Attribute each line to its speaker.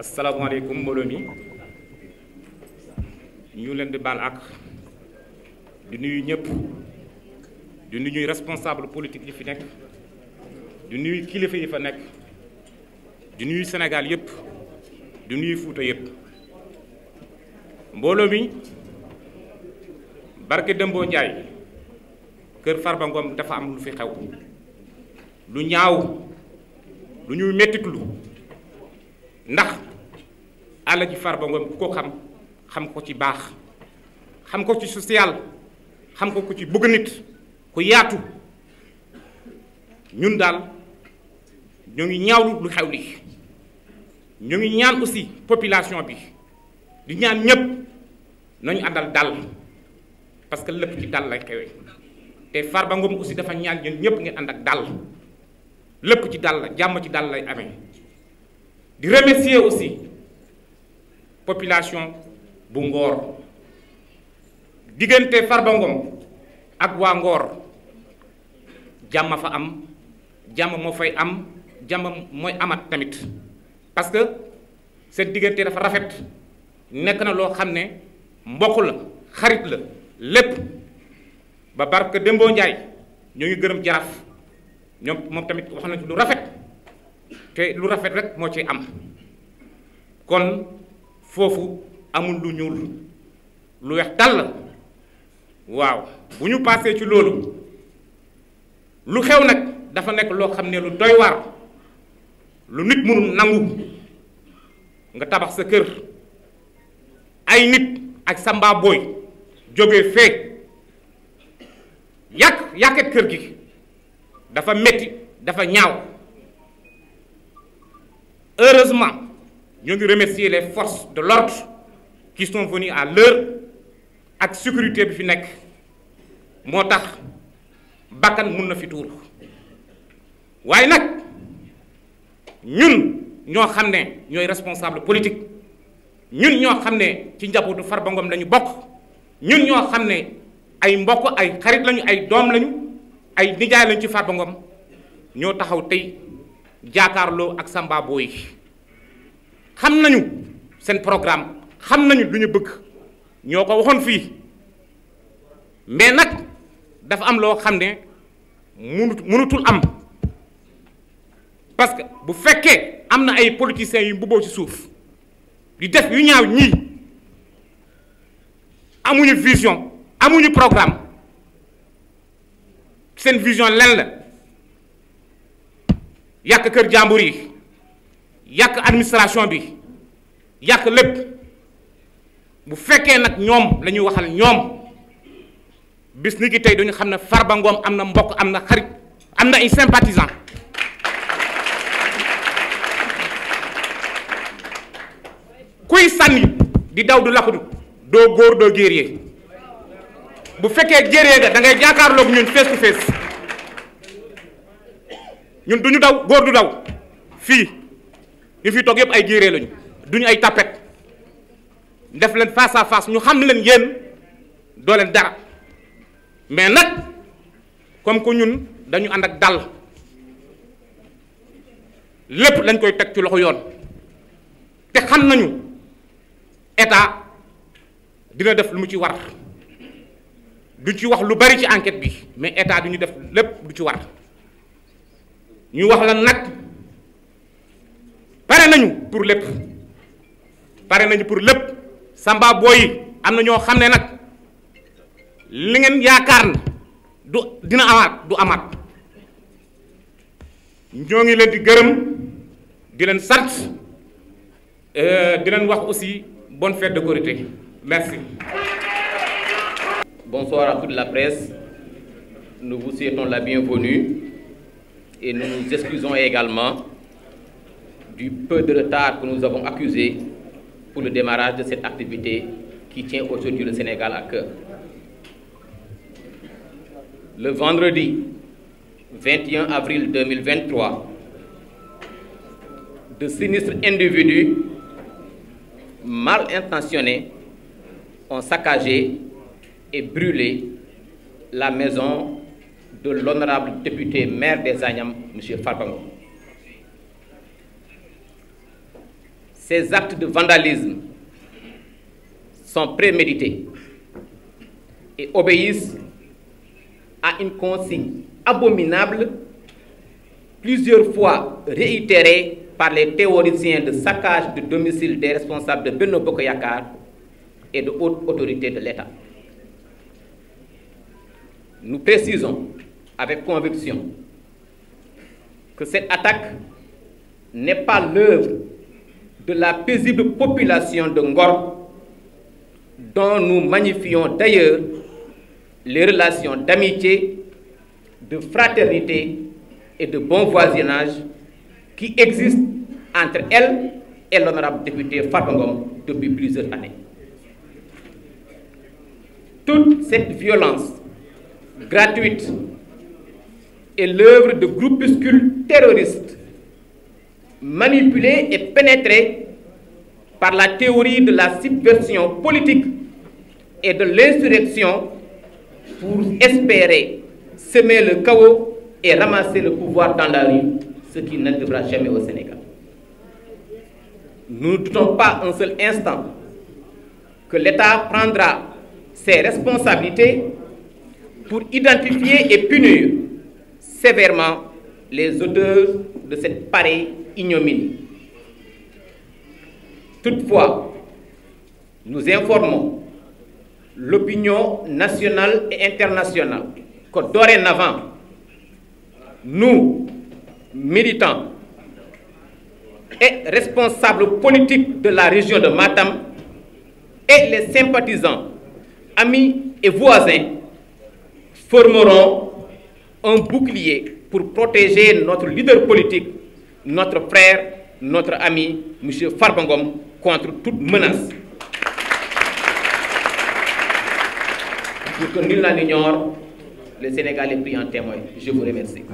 Speaker 1: asalaamaaleykum mbooloo mi ñu leen di baal ak di nuyu ñëpp di nuyu responsable politique yi fi nekk di nuyu kilifa yi fa nekk di nuyu Sénégal yëpp di nuyu Fuuta yëpp mbooloo mi barke Dembo Ndiaye kër farbangom dafa am lu fi xew lu ñaaw lu ñuy mettitlu ndax àll Alaaji Farba Ngom ku ko xam xam ko ci baax xam ko ci social xam ko ko ci bugg nit ku yaatu ñun daal ñu ngi ñaawlu lu xew li ñu ngi ñaan aussi population bi di ñaan ñépp nañu àndal dal parce que lépp ci dàll lay xewee te far ba ngoom aussi dafa ñaan ñun ñépp ngeen ànd ak dal lépp ci dàll la jàmm ci dàll lay amee di remercier aussi population bu ngoor diggante Farba Ngom ak waa ngoor jàmm fa am jàmm moo fay am jàmm mooy amat tamit parce que seen diggante dafa rafet nekk na loo xam ne mbokk la xarit la lépp ba barke démboo Njaay ñoo ngi gërëm jaraaf ñoom moom tamit wax na lu rafet te lu rafet rek moo ciy am kon foofu amul lu ñuul lu weex tàll waaw bu ñu paasee ci loolu lu xew nag dafa nekk loo xam ne lu doy lu nit mu nangu nga tabax sa kër ay nit ak sa mbaabooy jóge fee yàq yàqet kër gi dafa metti dafa ñaaw heureusement ñoo ngi remercier les forces de l'ordre qui sont à leur ak sécurité bi fi nekk moo tax bakkan mun na fi tuur waaye nag ñun ñoo xam ne ñooy responsable politique ñun ñoo xam ne ci njabootu Farba Ngom la bokk ñun ñoo xam ne ay mbokk ay xarit lañu ay doom lañu ay nijaay lañu ci Farba Ngom ñoo taxaw tey jaakaarloo ak Samba Boy xam nañu seen programme xam nañu lu ñu bëgg ñoo ko waxoon fii mais nag dafa am loo xam ne mënut mënutul am parce que bu fekkee am na ay politiciens yu mbubboo ci suuf di def yu ñaaw ñii amuñu vision amuñu programme seen vision lenn la yàq kër jàmbur yi yàq administration bi yàq lépp bu fekkee nag ñoom lañuy ñuy waxal ñoom bis ni ki tey dañu xam ne Farba am na mbokk am na xarit am na ay sympathisant kuy sànni di daw du lakkatu doo góor doo guerrier bu fekkee guerrier ga da ngay jàkkaarloog ñun face to face ñun du daw góor du daw yu fi toog yëpp ay géeree lañu duñu ay tapet def leen face à face ñu xam leen yéen doo leen dara mais nag comme que ñun dañu ànd ak dàll lépp dañ koy teg ci loxo yoon te xam nañu état dina def lu mu ci war du ci wax lu bari ci enquête bi mais état du ñu def lépp du ci war ñu wax la nag. pare nañu pour lépp pare nañu pour lépp samba booy am na ñoo xam ne nag li ngeen yaakaar ne du dina amaat du amaat ñoo ngi leen di gërëm di leen sant euh, di leen wax aussi bonne fête de Korité merci. Bonsoir à toute la presse. Nous vous souhaitons la
Speaker 2: bienvenue et nous excusons également du peu de retard que nous avons accusé pour le démarrage de cette activité qui tient aujourd'hui le Sénégal à cœur. Le vendredi 21 avril de sinistres individus mal intentionnés ont saccagé et brûlé la maison de l'honorable député maire des Agnam, monsieur Farbango. ces actes de vandalisme sont prémédités et obéissent à une consigne abominable plusieurs fois réitérée par les théoriciens de saccage de domicile des responsables de Benno Bokk Yakaar et de hautes autorité de l'État. Nous précisons avec conviction que cette attaque n'est pas l'œuvre de la paisible population de Ngor, dont nous magnifions d'ailleurs les relations d'amitié, de fraternité et de bon voisinage qui existent entre elle et l'honorable député Fatongom depuis plusieurs années. Toute cette violence gratuite est l'œuvre de groupuscules terroristes manipulé et pénétré par la théorie de la subversion politique et de l'insurrection pour espérer semer le chaos et ramasser le pouvoir dans la rue, ce qui n'arrivera jamais au Sénégal. Nous ne doutons pas un seul instant que l'État prendra ses responsabilités pour identifier et punir sévèrement les auteurs de cette pareille ignominie. Toutefois, nous informons l'opinion nationale et internationale que dorénavant, nous, militants et responsables politiques de la région de Matam et les sympathisants, amis et voisins, formeront un bouclier pour protéger notre leader politique notre frère, notre ami, M. Farbangom, contre toute menace. Pour que nul n'en ignore, le Sénégal est pris en témoin. Je vous remercie.